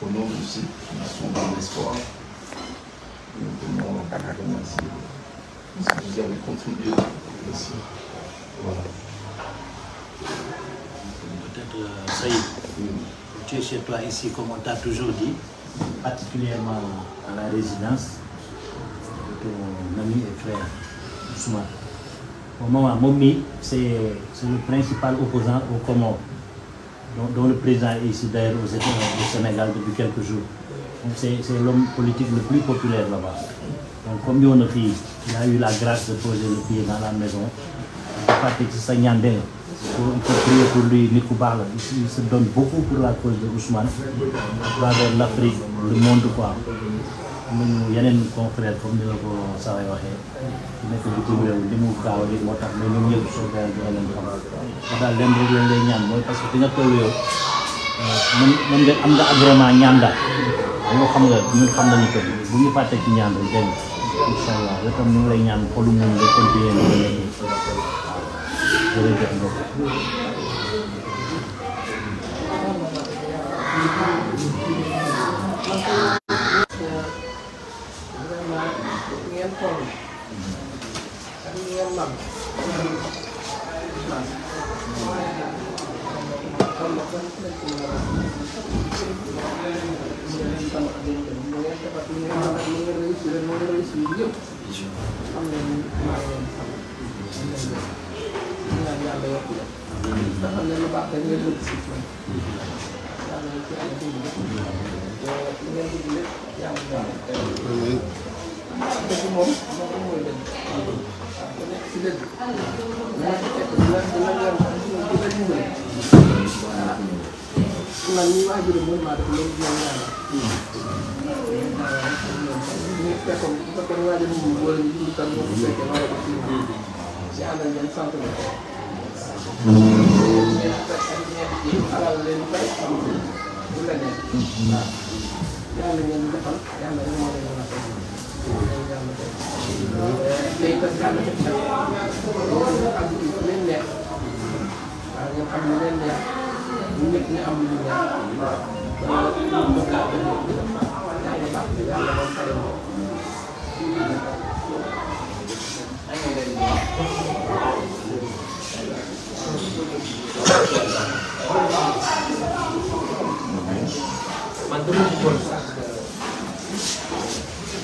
au nom de ceux qui sont dans l'espoir. Nous tenons à vous remercier. Vous avez contribué. Merci. Voilà. Peut-être, euh, Saïd, oui. tu es chez toi ici, comme on t'a toujours dit, particulièrement à la résidence de ton ami et frère Ousmane. Au moment, Momi, c'est le principal opposant au Comores. dont, dont, le président est ici d'ailleurs euh, au Sénégal depuis quelques jours. Donc c'est l'homme politique le plus populaire là-bas. Donc comme on a fait, il a eu la grâce de poser le pied dans la maison. On peut prier pour lui, Nikoubala. Il, il se donne beaucoup pour la cause de Ousmane, à travers l'Afrique, le monde quoi. am nañu yeneen confrère comme ni la ko saway waxee nekk bitim réew li mu gaaw li moo tax mais ñoom soo gaawee joxe leen xam nga daal leen rek lañ lay ñaan mooy parce que fi nga toll yow euh, man man nga am nga agrément ñaan daal ñoo xam nga ñun xam nañu ko bu ñu fàtte ci ñaan rek dégg nga incha allah yow tam ñu ngi lay ñaan xolu moom nga continuer ni Amin. dëgg moom moo ko mooy dëgg waaw ku nekk si dëgg dina fekk dina dina leer dina dina dimbali waaw man mii waa Jure mooy maa def loolu dina ñaan ñu fekkoon bu fekkoon waa Jure moom wala ñu dund tam moo ko fekkee waaye ko ci ci àndal leen sant na ko alal leen bari xam bu la neex waaw yàlla ngeen defal yàlla moo leen tey itam yàlla def na loolu am lu leen neex waaw ngeen xam lu leen neex ñu nekk ñu am lu ñu neex waaw loolu moom laa bëgg yàlla baax na yàlla moom pare moom. man dama bëggoon sax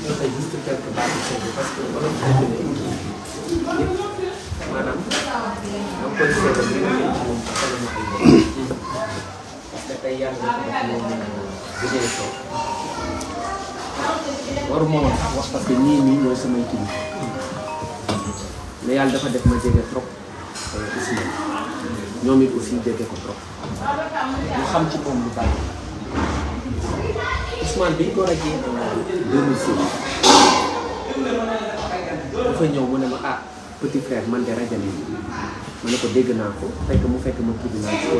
joxe juste parce que wala que tey yàlla dafa ma wax parce que nii ñoo samay kii mais yàlla dafa def ma jege trop euh, aussi ñoom it aussi jege ko trop ñu xam ci moom lu bari. Ousmane bi ñu ko rajee deux mille dafa ñëw mu ne ma ah petit frère man de rajo nañu ma ne ko dégg naa ko fekk mu fekk ma tribunal ci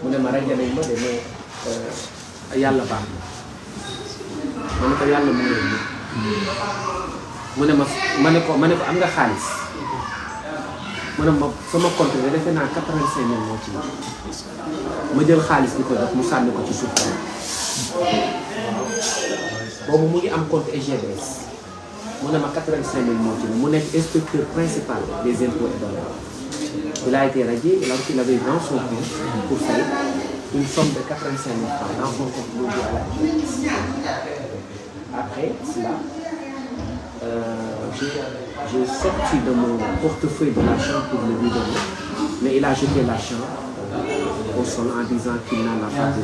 mu ne ma rajo nañ ma euh, yàlla baax na ko yàlla mu ne mu ne ma ma ne ko ma ne am nga xaalis ma ne ma sama compte bi defe ma jël xaalis bi ko def mu sànni ko ci suuf boobu mu ngi am compte SGBS e mu ma 85 000 moo ci mu nekk inspecteur principal des impôts et il a été radié alors qu'il dans son pour payer une somme de 85 000 francs dans compte loolu à la après cela euh, j'ai de mon portefeuille de l'argent pour le lui donner mais il a jeté l'argent au sol en disant qu'il n'a la pas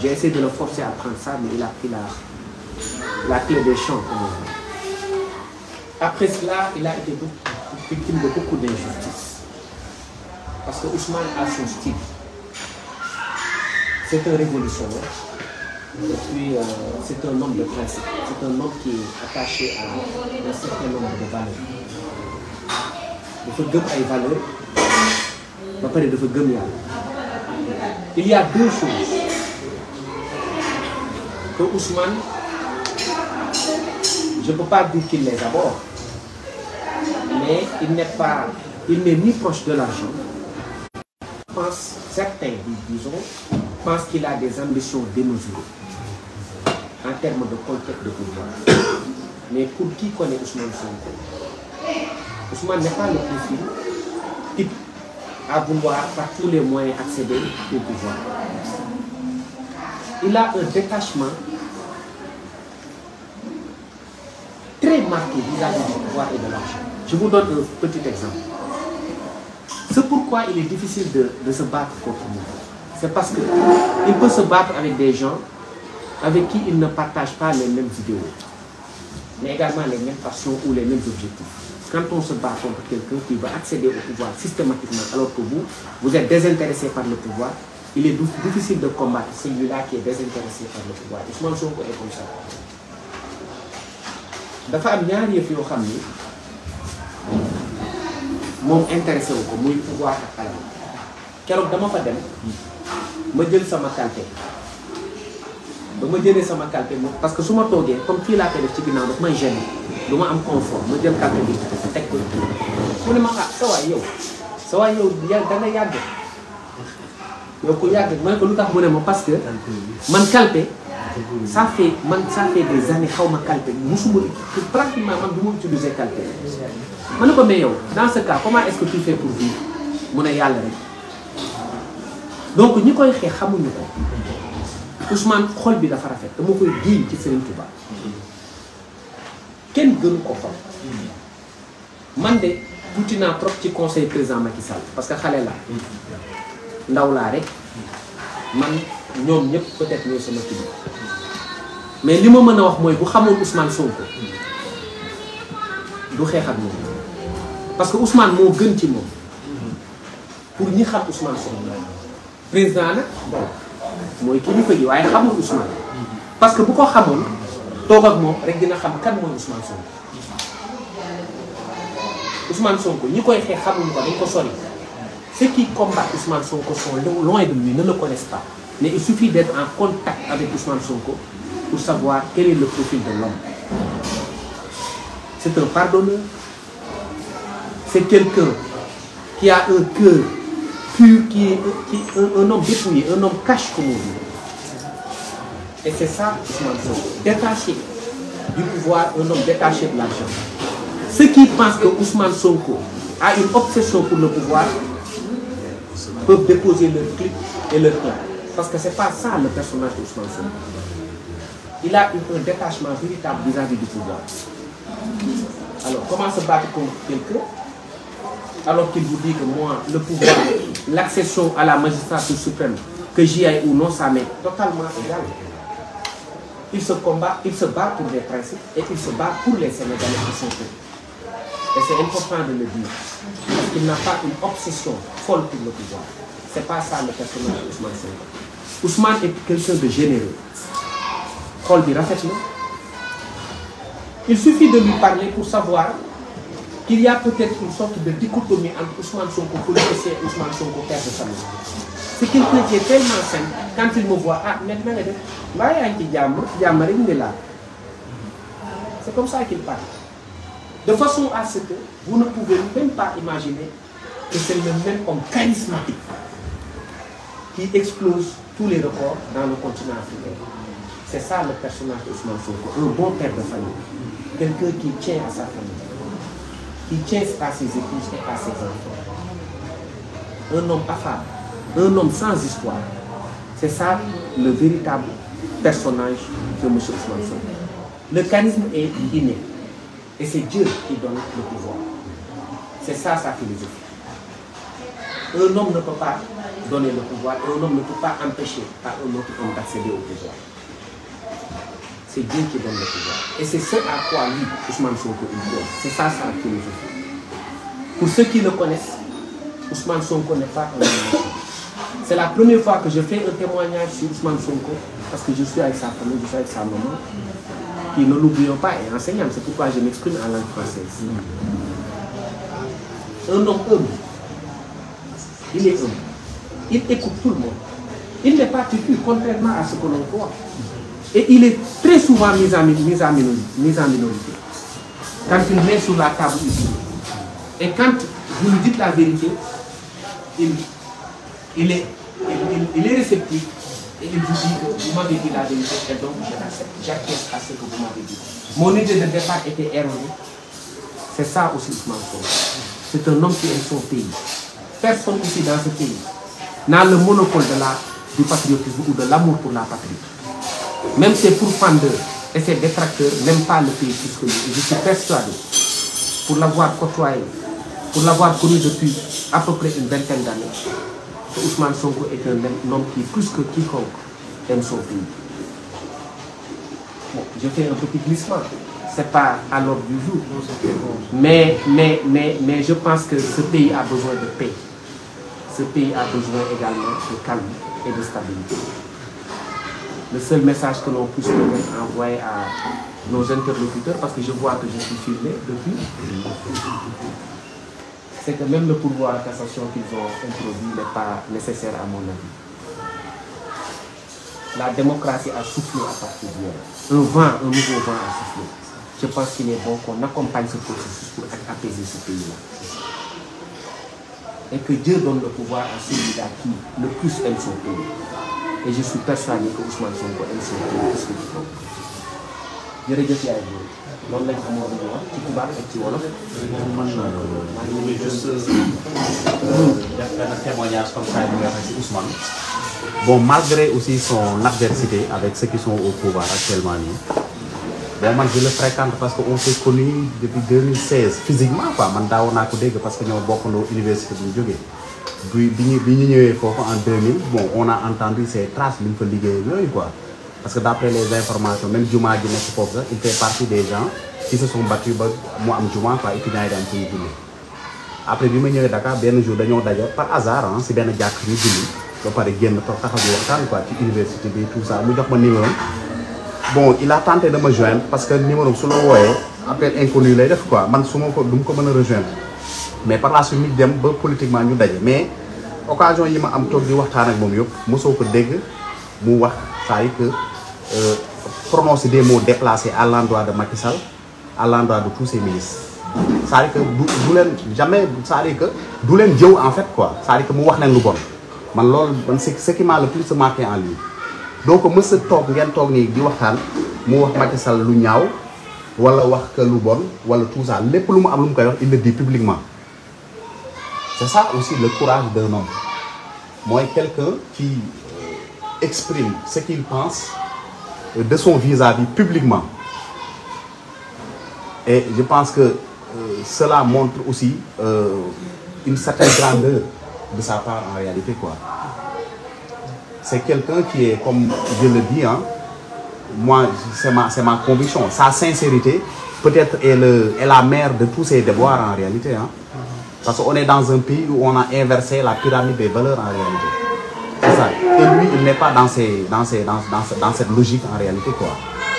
J'ai essayé de le forcer à prendre ça, mais il a pris la, la clé des champs. Après cela, il a été victime de beaucoup d'injustices. Parce que Ousmane a son style. C'est un révolutionnaire. Et puis, euh, c'est un homme de principe. C'est un homme qui est attaché à un certain nombre de valeurs. Il faut gëm ay valeurs ba pare dafa gëm yàlla il y a deux choses que Ousmane je ne peux pas dire qu'il les aborde mais il n'est pas il n'est ni proche de l'argent pense certains disons pensent qu'il a des ambitions démesurées en termes de conquête de pouvoir mais pour qui connaît Ousmane Sonko Ousmane n'est pas le profil type à vouloir par tous les moyens accéder au pouvoir. Il a un détachement très marqué vis à de l'argent. Je vous donne un petit exemple. C'est pourquoi il est difficile de, se battre contre nous. C'est parce qu'il peut se battre avec des gens avec qui il ne partage pas les mêmes idéaux, mais également les mêmes ou les mêmes objectifs. quand on se bat contre quelqu'un qui veut accéder au pouvoir systématiquement alors que vous, par le pouvoir, il est difficile de combattre celui-là qui est désintéressé par le pouvoir. Ousmane Sonko est comme ça. dafa am ñaari yëf yoo xam ni moom intéressé wu ko muy pouvoir ak alal keroog dama fa dem ma jël sama kalpe ba ma jëlee sama kalpe moom parce que su ma toogee comme fii laa koy def ci ginnaaw daf may gêner. du ma am confort ma jël carte bi teg ko mu ne ma ah sa waay yow sa waay yow ya da nga yàgg yow ku yàgg ma ko lu tax mu ne ma parce que man calpe sa fait man ça des années xaw ma calpe musuma pratiquement man du ma utiliser calpe ma ne ko mais yow dans ce cas comment est-ce que tu fais pour mu ne yàlla rek donc ñi koy xeex xamuñu ko Ousmane xol bi dafa rafet dama koy jiiñ ci seen tuba kenn gënu ko xol man de tuuti naa trop ci conseil président Macky Sall parce que xale laa ndaw laa rek man ñoom ñëpp peut-être ñooy sama kii mais li ma mën a wax mooy bu xamoon Ousmane Sonko du xeex ak moom parce que Ousmane moo gën ci moom pour ñi xam Ousmane Sonko président nag mooy kilifa ji waaye xamul Ousmane parce que bu ko xamoon. toogal moom rek dina xam kan mooy Ousmane Sonko Ousmane Sonko ñi koy xeex xamuñu ko dañ ko sori ceux qui combattent Ousmane Sonko sont loin de lui ne le connaissent pas mais il suffit d'être en contact avec Ousmane Sonko pour savoir quel est le profil de l'homme c'est un pardonneur c'est quelqu'un qui a un cœur pur qui est un, un homme dépouillé un homme cache comme on dit e c'est ça, du pouvoir, un homme détaché de l'argent. Ceux qui pensent que Ousmane Sonko a une obsession pour le pouvoir peuvent déposer leur clip et leur plan. Parce que c'est pas ça le personnage d'Ousmane Sonko. Il a eu un détachement véritable vis-à-vis du pouvoir. Alors, comment se battre contre alors qu'il vous que moi, le pouvoir, l'accession à la magistrature suprême, que j'y ou non, ça m'est totalement égal. il se combat, il se bat pour les principes et il se bat pour les Sénégalais qui sont Et c'est important de le dire. Parce qu'il n'a pas une obsession folle pour le pouvoir. C'est pas ça le personnage d'Ousmane Senghor. Ousmane est quelqu'un de généreux. Paul dit, Il suffit de lui parler pour savoir qu'il y a peut-être une sorte de dichotomie entre Ousmane Sonko politicien et Ousmane Sonko père de famille. c'est quelqu'un qui est tellement simple quand il me voit ah mais na nga def mbaa yaa ngi ci jàmm jàmm rek ni laa c'est comme ça qu'il parle de façon à ce que vous ne pouvez même pas imaginer que c'est le même homme charismatique qui explose tous les records dans le continent africain c'est ça le personnage d'Ousmane Sonko un bon père de famille quelqu'un qui tient à sa famille qui tient à ses épouses et à ses enfants un homme affable un homme sans histoire. C'est ça le véritable personnage de M. Ousmane Sonko. Le charisme est inné. Et c'est Dieu qui donne le pouvoir. C'est ça sa philosophie. Un homme ne peut pas donner le pouvoir et un homme ne peut pas empêcher par un autre homme d'accéder au pouvoir. C'est Dieu qui donne le pouvoir. Et c'est ce à quoi lui, Ousmane Sonko, il donne. C'est ça sa philosophie. Pour ceux qui le connaissent, Ousmane Sonko n'est pas un C'est la première fois que je fais un témoignage sur Ousmane Sonko, parce que je suis avec sa famille, je suis avec sa maman, qui, ne l'oublions pas, est enseignante. C'est pourquoi je m'exprime en langue française. Un homme humble, il est humble, il écoute tout le monde. Il n'est pas têtu, contrairement à ce que l'on il est très souvent mis en, mis en, minorité, mis en minorité, Quand il met sur la table, dit. la vérité, il est, il, et il vous dit que vous m'avez la et départ était erronée. C'est ça aussi Ousmane Sonko. C'est un homme qui aime son pays. Personne aussi dans ce pays n'a le monopole de la, du patriotisme ou de l'amour pour la patrie. Même ses pourfendeurs et ses détracteurs n'aiment pas le pays plus que lui. Je pour l'avoir côtoyé, pour l'avoir connu depuis à peu près une vingtaine d'années, que Ousmane Sonko est un homme qui, plus que quiconque, aime son je fais un petit glissement. C'est pas à l'ordre du jour. Mais, mais, mais, mais je pense que ce pays a besoin de paix. Ce pays a besoin également de calme et de stabilité. Le seul message que l'on puisse envoyer à nos interlocuteurs, parce que je vois que je suis filmé depuis, c'est que même le pourvoi à la cassation qu'ils ont introduit n'est pas nécessaire à mon avis. La démocratie a soufflé à partir d'hier. Un vent, un nouveau vent a soufflé. Je pense qu'il est bon qu'on accompagne ce processus pour apaiser ce pays-là. Et que Dieu donne le pouvoir à celui-là qui le plus aime Et je suis persuadé que Ousmane Sonko aime son pays plus que tout le monde. loolu lañ amoon lu ñuy ci wolof. man maa ngi nuyu juste euh, euh, def benn témoignage comme ça bon malgré aussi son adversité avec ceux qui sont au pouvoir actuellement nii. bon man je le fréquente parce que on s'est connu depuis physiquement quoi man daaw naa ko dégg parce que ñoo bokkandoo université bu ñu jógee. bi bi ñu ñëwee foofu en 2000 bon on a entendu ses traces li fa liggéey yooyu quoi. parce que d'après les informations même juma ji nekk foofu sax il fait partie des gens qui se sont battus ba mu am juma quoi étudiants yi daan ciy julli après benn jour dañoo daje par hasard ah si ba pare quoi ci bi tout ça mu jox ma numéro bon il a tenté de me joindre parce que numéro su la wooyee appel inconnu lay def quoi man su ma ko du ma ko mën a rejoindre mais par la suite ñu dem ba politiquement ñu daje mais occasion yi ma am toog di waxtaan ak moom yëpp mosoo ko dégg mu wax saa yi euh, prononcer des mots déplacés à l'endroit de Macky Sall à l'endroit de tous ses ministres c'est-à-dire que du du leen jamais cest que du leen jëw en fait quoi cest que mu wax leen lu bon man lool man ce qui m'a le plus marqué en lui doo ko mës a toog ngeen toog nii di waxtaan mu wax Macky Sall lu ñaaw wala wax que lu bon wala tout ça lépp lu mu am lu mu koy wax il le dit publiquement c'est ça aussi le courage de homme mooy quelqu'un qui exprime ce qu'il pense de son vis-à-vis publiquement. Et je pense que euh, cela montre aussi euh, une certaine grandeur de sa part en réalité. quoi. C'est quelqu'un qui est, comme je le dis, hein, moi, c'est ma, ma, conviction. Sa sincérité, peut-être, est, est, la mère de tous ses devoirs en réalité. Hein. Parce qu'on est dans un pays où on a inversé la pyramide des valeurs en réalité. lui, il n'est pas dans, ces, dans, ces, dans, dans, dans, cette logique en réalité.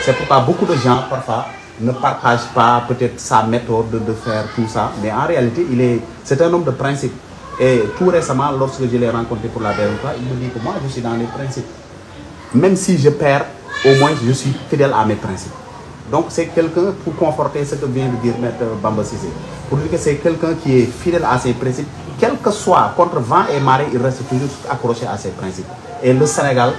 C'est pourquoi beaucoup de gens, parfois, ne partagent pas peut-être sa méthode de, faire tout ça. Mais en réalité, il est, c'est un homme de principe. Et tout récemment, lorsque je l'ai rencontré pour la dernière il me dit que moi, je suis dans les principes. Même si je perds, au moins, je suis fidèle à mes principes. Donc, c'est quelqu'un, pour conforter ce que vient de dire Maître Bamba Cissé, pour à ses soit, contre vent et marée, il reste toujours accroché à ses principes. Et le Sénégal,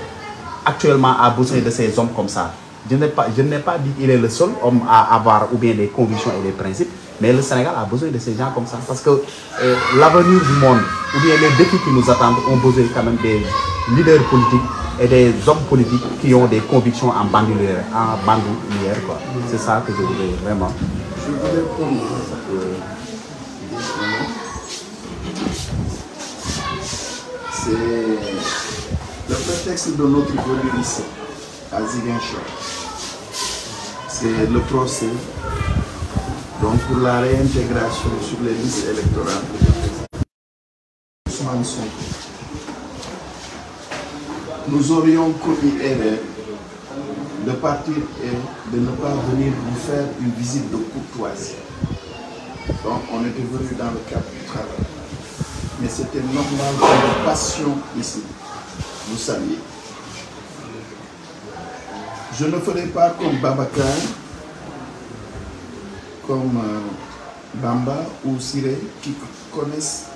actuellement, a besoin de ces hommes comme ça. Je n'ai pas, je n'ai pas dit qu'il est le seul homme à avoir ou bien des convictions et des principes, mais le Sénégal a besoin de ces gens comme ça. Parce que euh, l'avenir du monde, ou bien les défis qui nous attendent, ont besoin quand même des leaders politiques et des hommes politiques qui ont des convictions en bandoulière. En bandoulière quoi. C'est ça que je voulais vraiment. Je voulais prendre C'est Le prétexte de notre venue ici, à Ziguinchor, c'est le procès donc pour la réintégration sur les listes électorales Ousmane Sonko. Nous aurions commis erreur de partir et de ne pas venir vous faire une visite de courtoisie. Donc on était venu dans le cadre du travail. Mais c'était normal une passion ici. vous saluer. Je ne ferai pas comme Babacar, comme euh, Bamba ou Siré qui connaissent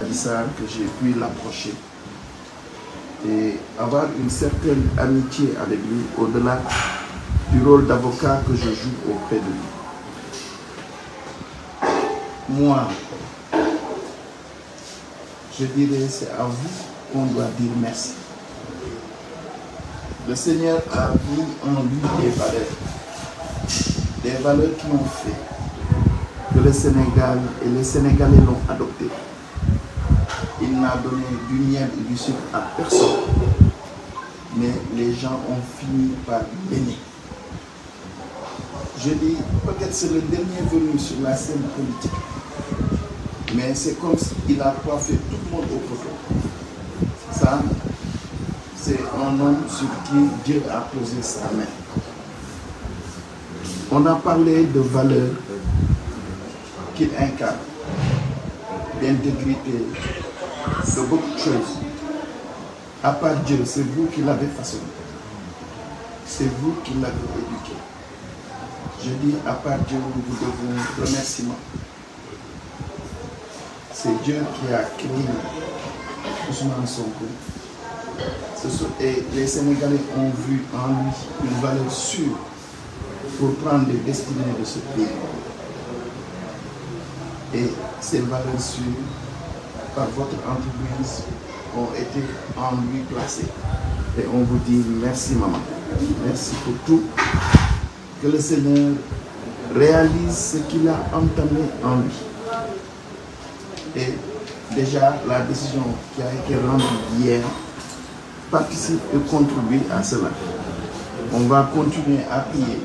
Adissar que j'ai pu l'approcher et avoir une certaine amitié avec lui au-delà du rôle d'avocat que je joue auprès de lui. Moi, je dirais c'est à vous on doit dire merci. Le Seigneur a vu en lui des valeurs, des valeurs qui ont fait que le Sénégal et les Sénégalais l'ont adopté. Il n'a donné du miel du sucre à personne, mais les gens ont fini par l'aimer. Je dis, peut-être c'est le dernier venu sur la scène politique, mais c'est comme s'il a coiffé tout le monde au poteau. Hassan, c'est un homme sur qui Dieu a posé sa main. On a parlé de valeurs qu'il incarne, d'intégrité, de beaucoup de choses. À part Dieu, c'est vous qui l'avez façonné. C'est vous qui l'avez éduqué. Je dis à part Dieu, nous vous devons remerciement. C'est Dieu qui a créé Ousmane Sonko et les Sénégalais ont vu en lui une valeur sûre pour prendre les destinées de ce pays. Et ces valeurs sûres, par votre entreprise, ont été en lui placées. Et on vous dit merci maman, merci pour tout. Que le Seigneur réalise ce qu'il a entamé en lui. déjà la décision qui a été rendue hier participe et contribue à cela. On va continuer à prier.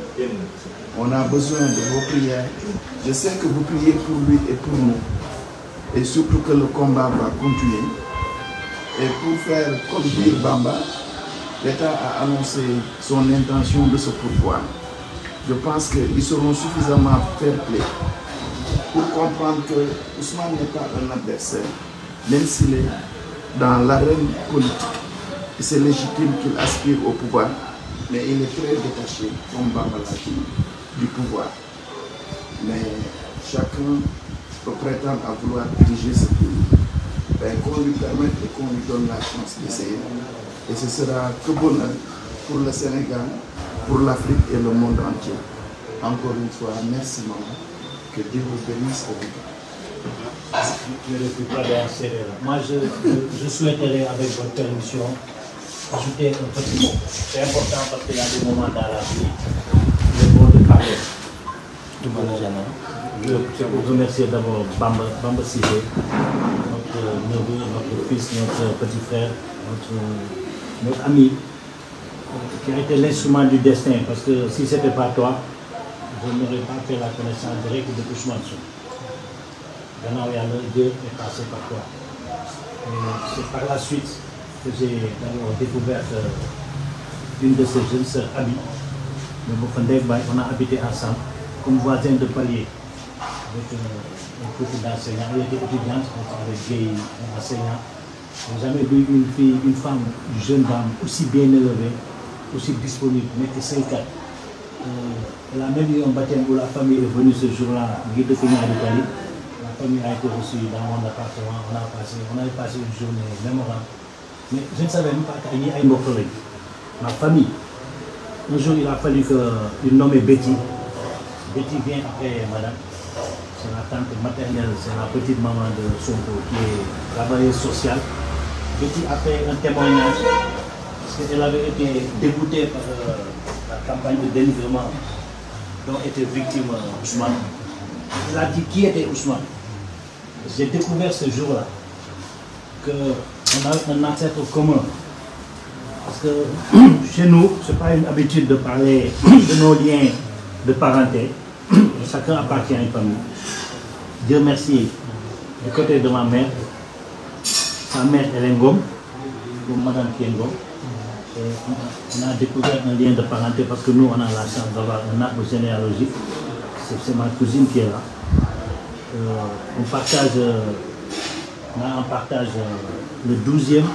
On a besoin de vos prières. Je sais que vous priez pour lui et pour nous. Et surtout que le combat va continuer. Et pour faire comme Bamba, l'État a annoncé son intention de se pourvoir. Je pense qu'ils seront suffisamment fair-play pour comprendre que Ousmane n'est pas un même s'il est dans l'arène politique. Et c'est légitime qu'il aspire au pouvoir, mais il est très détaché, comme Bambalaki, du pouvoir. Mais chacun peut prétendre à vouloir diriger ce pays. Ben, qu'on lui permette et qu'on lui donne la chance d'essayer. Et ce sera que bonheur pour le Sénégal, pour l'Afrique et le monde entier. Encore une fois, merci Que Dieu vous bénisse au bout. Moi, je, je souhaiterais, avec votre permission, ajouter un petit mot. C'est important parce qu'il y a des la vie, le mot de parler. Tout le monde Je vous remercier d'abord Bamba, Bamba Cité, notre notre fils, notre petit frère, notre, ami, qui a été l'instrument du destin. Parce si ce pas toi, je n'aurais pas la connaissance directe de Ousmane Sonko gannaaw yàlla Dieu est passé par toi c'est par la suite que j'ai d'abord découvert euh, une de ces jeunes sœurs Abi ñu bokk ndey on a habité ensemble comme voisin de palier avec euh, un couple d'enseignants elle était étudiante on parlait vieille enseignant jamais vu une femme une jeune aussi bien élevée aussi disponible nekk saykat de euh, la même un baptême où la famille est venue ce jour-là, guide de Tali. La famille a été reçue dans mon appartement, on a passé, on avait passé une journée mémorable. Mais je ne savais même pas qu'Agni a une Ma famille. Un jour, il a fallu qu'une nommée Betty. Betty vient après madame. C'est la tante maternelle, c'est la petite maman de Sonko qui est Betty a fait un témoignage parce qu'elle avait été dégoûtée euh, campagne de dénigrement dont était victime euh, Ousmane. Il a dit qui était Ousmane. J'ai découvert ce jour-là qu'on a un ancêtre Parce que chez nous, ce n'est pas une habitude de parler de nos liens de parenté. Chacun appartient à une famille. merci, du côté de ma mère, sa mère Elengom, ou Madame Kiengom, on, a, un lien de parenté parce que nous, on a la chance d'avoir un arbre généalogique. C'est ma qui est là. Euh, partage, euh, euh, le douzième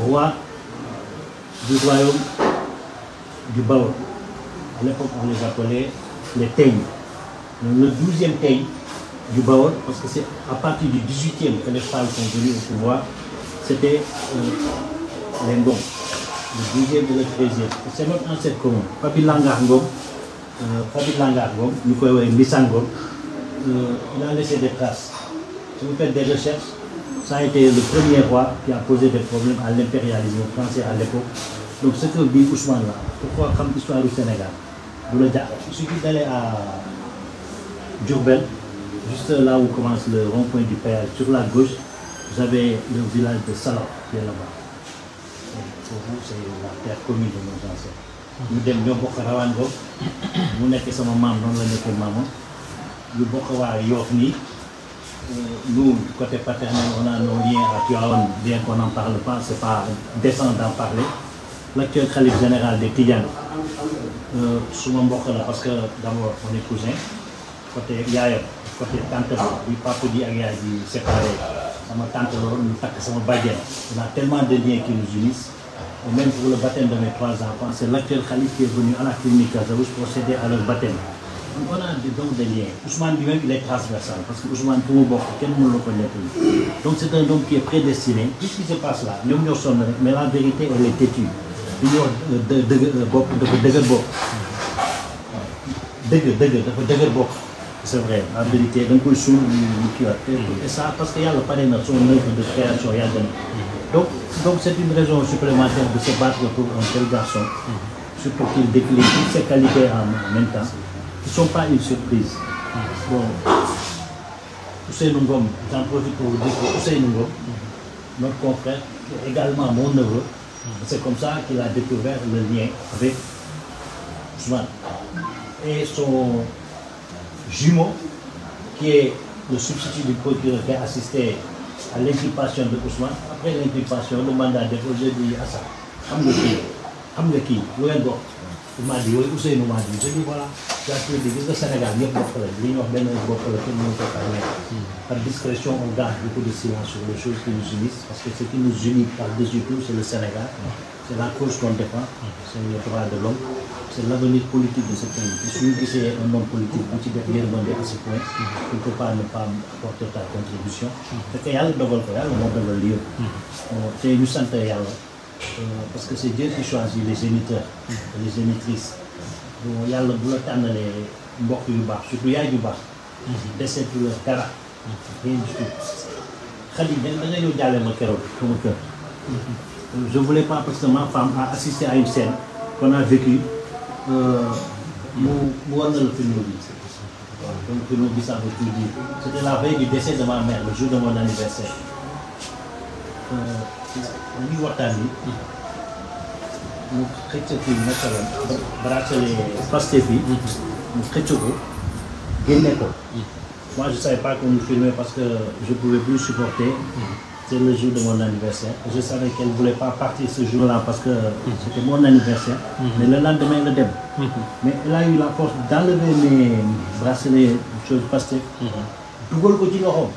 roi du royaume du Baou. À l'époque, on les appelait les Teignes. Le douzième Teigne du Baou, parce que c'est à partir du 18e que les femmes sont venues au pouvoir, c'était euh, les Ngom, le deuxième et le treizième. C'est notre ancêtre commun, Papi Langar Ngom, euh, Papi Langar Ngom, nous euh, pouvons il a laissé des traces. Si vous faites des recherches, ça été le premier roi qui a posé des problèmes à l'impérialisme français à l'époque. Donc ce que dit Ousmane là, pourquoi comme histoire du Sénégal Vous juste là où commence le rond-point du Père, sur la gauche, vous avez le village de Salah qui est là-bas. foofu c'est la terre commune de nos ancêtres dem ñoo bokk rawaan mu nekk sama maam noonu la nekkee maamam ñu bokk waa Yoof nii euh, nous côté paternel on a nos liens à Tivaouane bien qu'on n'en parle pas c'est pas décent d'en parler l'actuel khalife général des Tidjanes euh, suma mbokk la parce que d'abord on est cousin côté yaayam côté tante bi papa ji ak yaay ji séparé sama tante la woon ñu takk sama bàjjen on a tellement de liens qui nous unissent et même pour le baptême de mes trois enfants c'est l'actuel khalife qui est venu à la clinique Casamance procéder à leur baptême donc on a donc des liens Ousmane lui-même il est transversal parce que Ousmane ku mu bokk kenn mënu la ko nettali donc c'est un homme qui est prédestiné tout ce qui se passe là ñoom ñoo sonn rek mais la vérité elle est têtue li ñuy wax euh, dë dëgg euh, bopp dafa dëgër bopp waaw dëgg dëgg dafa dëgër bopp c'est vrai en vérité da nga koy suul mu kiiwaat et parce que yàlla pare na son œuvre de création yàgg na donc donc c'est une raison supplémentaire de se battre pour un surtout qu'il décline toutes ses qualités en même temps qui sont pas une surprise bon Ousseynou Ngom j'en profite pour dire que Ousseynou Ngom notre confrère également mon neveu c'est comme ça qu'il a découvert le lien avec son jumeau, qui est le substitut du procureur qui a assisté à l'inculpation de Ousmane. Après l'inculpation, le mandat déposé dit à ça. Amna qui Amna qui Vous avez Il m'a dit, oui, Ousseinou m'a dit. Je dis, voilà, j'ai appris des gars de Sénégal, mieux pour faire. L'Union européenne, pour faire tout le monde peut Par discrétion, on garde beaucoup de silence sur les choses qui nous unissent, parce que ce qui nous unit par-dessus tout, c'est le Sénégal. C'est la cause qu'on défend, c'est le droit de l'homme. c'est l'avenir politique de ce gisee un homme politique bu ci def yërmande à ce point il ne peut pas ne pas apporter ta contribution fekk yàlla dogal ko yàlla moo dogal li yëpp mm-hmm. ñu sant yàlla euh, parce que c'est Dieu qui choisit les géniteurs et les génitrices yàlla bu la tànnalee mbokk yu baax surtout yaay yu baax mm-hmm. deseetu la dara rien du tout xel yi ñëw jàllee ma keroog sama kër mm-hmm. je voulais pas parce que ma femme a assisté à une a Euh, mu mu wan la film bi waaw donc film bi ça veut tout dire c'était la veille du décès de ma jour de mon anniversaire euh, ñu ngi waxtaan mu xëcc fii naka mu xëcc ko moi je savais pas qu'on me filmait parce que je pouvais plus supporter c'était le jour de mon anniversaire. Je savais qu'elle ne voulait partir ce jour-là parce que c'était mon anniversaire. Mhm. Mais le lendemain, le dem. Mhm. Mais elle a eu la force d'enlever mes bracelets, choses passées. Mhm. dugal ko ci loxoom.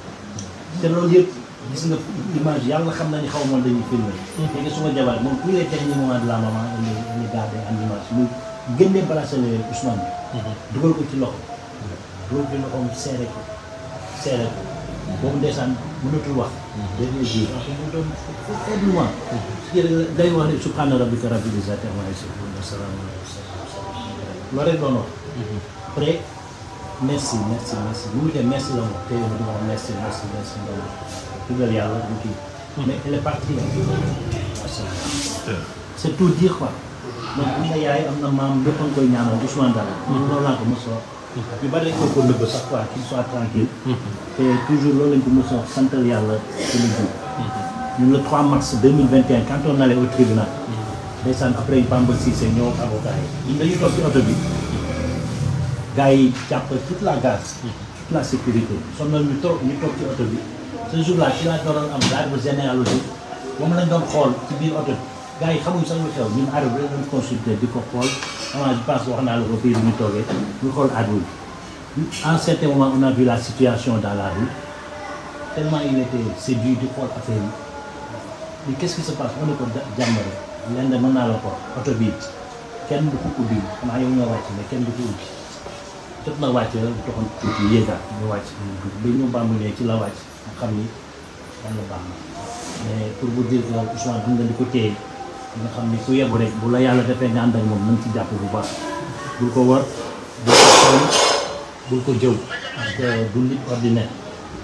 te loolu yëpp gis nga image yàlla xam na ni xaw ma dañuy filmé. léegi su ma jabar moom tous les derniers moments de la maman elle est gardée en image mu génnee bracelet Ousmane bi. dugal ko ci loxo. dugal ko ci loxoom seere ko seere boobu ndeysaan mënatul wax. Mm-hmm. dañuy ji parce mu doon mm-hmm. day wax ne subhaana rabbika rabbil izzati amma yasifuun wa salaamun alal mursaliin loolu rek doon wax. Mm-hmm. après merci merci merci merci la wax te yow duma merci merci merci ndaw la yàlla du kii. mais elle est partie c'est tout dire quoi. am na yaay am na maam lépp a ngi koy ñaanal Ousmane Dalla. loolu laa ko mos a wax. ñu bari lañ ko ko nëbb sax quoi qu'il soit tranquille mm-hmm. te toujours loolu lañ ko mos a santal yàlla ci mm-hmm. ñun le 3 mars 2021 quand on allait au tribunal mm-hmm. ndeysaan après Bamba Cissé ñëw ak avocat yi ñun dañuy toog oto bi gars yi jàpp toute la gaz toute la sécurité sonnal ñu toog ñu toog ci oto bi ce jour là ci laa doon am l'arbre généalogique moom lañ doon xool ci biir oto bi yi xamuñ sax lu xew ñun arbre lañ doon consulté xool avant je pense wax naa la ko fii lu ñu toogee ñu xool àdduna en certain moment on a vu la situation dans la rue tellement il était séduit di xool affaire yi mais quest qui se passe on ne ko jàmbale lenn mën naa la ko oto bii kenn du ko ubbi xanaa yow ñoo wàcc mais kenn du ko ubbi jot ñu wàcc ci la wàcc xam ni yàlla baax na mais pour vous dire que Ousmane dund ko téye nga xam ni su yebu rek bu la yàlla defee nga ànd ak moom nañ ci jàpp bu baax bul ko war bul ko xool bul jëw ak euh, du nit ordinaire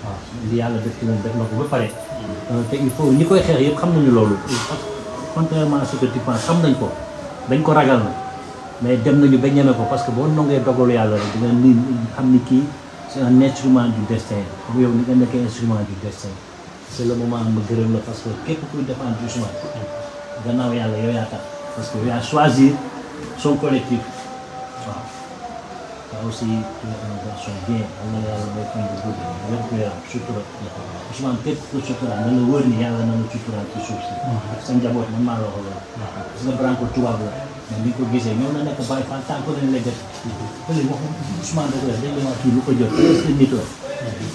waaw li yàlla def ci moom def na ko ba pare euh, te il faut ñi koy xeex yëpp xam nañu loolu contrairement à ce que xam nañ ko dañ ko ragal na mais dem nañu ba ñeme ko parce que boo nongee dogalu yàlla di nga nii xam ni kii c'est un instrument du destin comme yow ni nga nekkee instrument du destin c'est le moment ma gërëm la parce que képp kuy défendre doucement gannaaw yàlla yow yaa tax parce que yow yaa choisir son collectif waaw ça aussi tu es un garçon bien am na yàlla may fan bu gudd lépp yaram sutura Ousmane képp ku sutura na la wóor ni yàlla na la sutura ci suuf si ak sa njaboot man maa la ko lool parce que branco tubaab la mais ni ko gisee ñoom na nekk bàyyi fan tànk lañ la jot ëllëg waxu Ousmane da ko def dañ la wax kii lu ko jot est-ce que nit la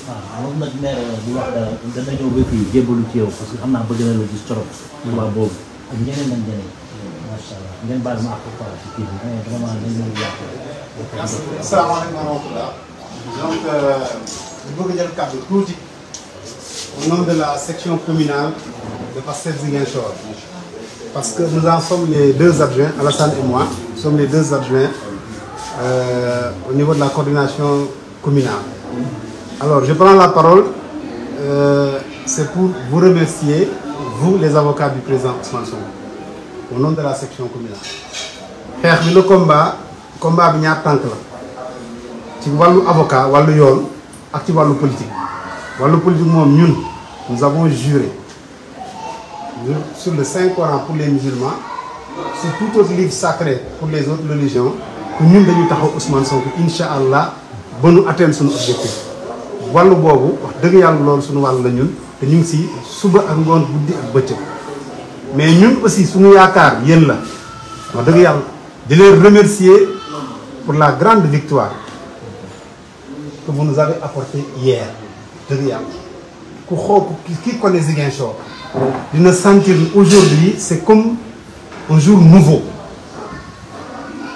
waaw moom nag maire bi wax dara dana ñëw ba fii jébbalu ci yow parce que xam naa bëgg na la gis trop tubaab boobu ak ñeneen ak ñeneen. macha allah ngeen la section communale de que nous en sommes deux adjoints moi nous sommes les deux adjoints au niveau de la coordination communale. alors je prends la parole c'est pour vous remercier. vous les avocats du président Ousmane Sonko au nom de la section communale xeex bi le combat combat bi ñaar tànk la ci wàllu avocat wàllu yoon ak ci wàllu politique wàllu politique moom ñun nous avons juré sur le Saint Coran pour les musulmans sur tout autre livre sacré pour les autres religions que ñun dañu taxaw Ousmane Sonko incha allah ba nu atteindre suñu objectif wàllu boobu wax dëgg yàlla loolu suñu wàll la ñun te ñu ngi si suba ak ngoon guddi ak bëccëg mais ñun aussi suñu yaakaar yéen la wax dëgg yàlla di leen pour la grande victoire que vous nous avez apporté hier dëgg yàlla ku xoo ki connaît Ziguinchor dina sentir aujourd'hui c'est comme un jour nouveau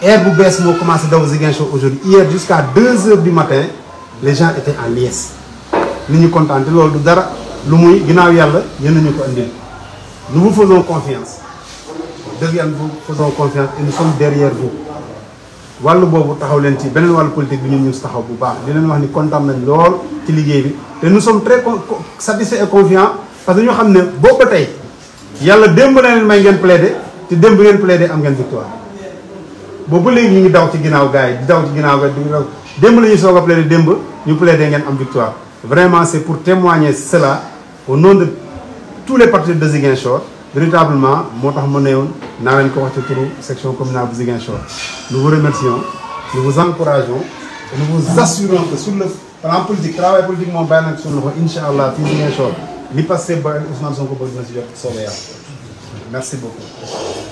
air bu bees moo commencé daw Ziguinchor aujourd'hui hier jusqu'à deux heures du matin les gens étaient en liesse nit ñu kontaan te loolu du dara lu muy ginnaaw yàlla yéen ñu ko indil nous vous faisons confiance dëgg yàlla nous vous faisons confiance et nous sommes derrière vous wàllu boobu taxaw leen ci beneen wàll politique bi ñun ñu taxaw bu baax di leen wax ni kontaan nañ lool ci liggéey bi te nous sommes très satisfaits et confiants parce que ñu xam ne boo ko tey yàlla démb na leen may ngeen plaider te démb ngeen plaider am ngeen victoire boobu ba léegi ñu ngi daw ci ginnaaw gars yi di daw ci ginnaaw la ñuy soog a plaider démb. ñu plaider ngeen am victoire vraiment c'est pour témoigner cela au nom de tous les partis de Ziguinchor véritablement moo tax ma ne woon naa leen ko wax ci turu section communale bu Ziguinchor nous vous remercions nous vous encourageons et sur le plan politique travail politique moom bàyyi nañ suñu loxo insha allah fii Ziguinchor li passé ba Ousmane Sonko bëgg na si jot soobee yàlla merci beaucoup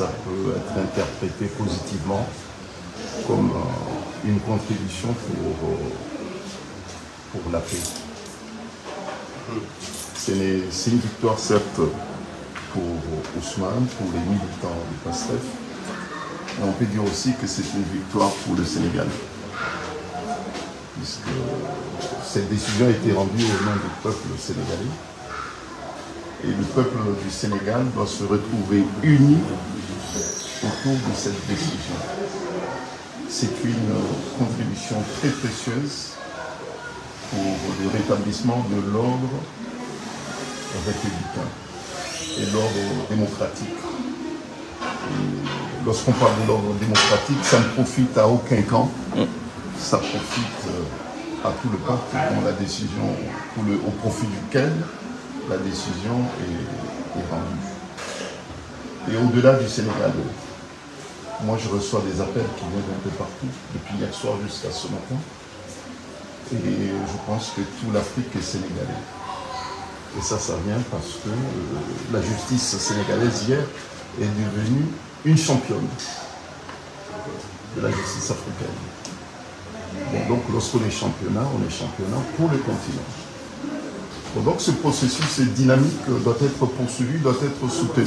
ça peut être interprété positivement comme euh, une contribution pour, euh, pour la paix. Hmm. C'est une victoire certes pour Ousmane, pour les militants du PASTEF, et on peut dire aussi que c'est une victoire pour le Sénégal, puisque cette décision a été rendue au nom du peuple sénégalais. Et le peuple du Sénégal doit se retrouver uni autour de cette décision. C'est une contribution très précieuse pour le rétablissement de l'ordre républicain et l'ordre démocratique. Lorsqu'on parle de l'ordre démocratique, ça ne profite à aucun camp, ça profite euh, à tout le peuple dont la décision, au profit duquel la décision est rendue. Et au-delà du Sénégal, Moi, je reçois des appels qui viennent un peu depuis hier soir jusqu'à ce matin. Et je pense que tout l'Afrique est sénégalaise. Et ça, vient parce que euh, la justice sénégalaise hier est devenue une championne de la justice africaine. donc lorsqu'on est championnat, pour le continent. ce processus, cette dynamique doit être poursuivi, doit être soutenu.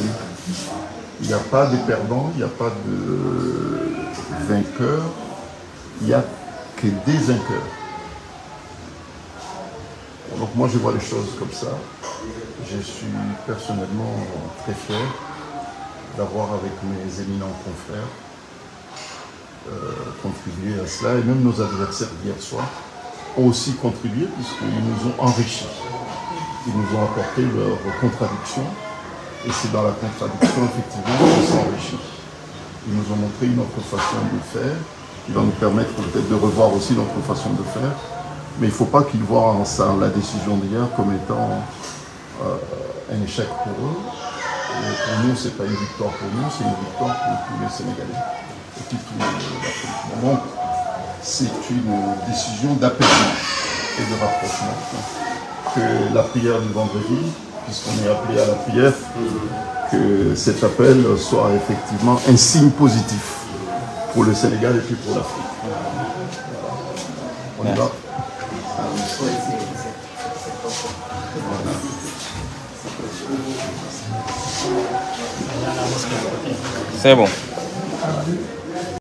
Il n'y a pas de perdant, il n'y a pas de vainqueur, il n'y a que des vainqueurs. Donc moi je vois les choses comme ça. Je suis personnellement très fier d'avoir avec mes éminents confrères euh, contribué à cela et même nos adversaires d'hier soir ont aussi contribué puisqu'ils nous ont enrichis. Ils nous ont apporté leurs contradictions, Et c'est dans la contradiction, effectivement, qu'on s'enrichit. Ils nous ont montré une façon de faire, qui va nous permettre de revoir aussi notre façon de faire. Mais il ne faut pas qu'ils voient la décision d'hier comme étant euh, échec pour eux. Et pour nous, ce une victoire pour nous, c'est une victoire pour tous les Sénégalais. Et puis, tout le... Donc, c'est une décision d'apaisement et de rapprochement que la prière du vendredi puisqu'on est appelé à la prière, que cet appel soit effectivement un signe positif pour le Sénégal et puis pour l'Afrique. On y va C'est bon.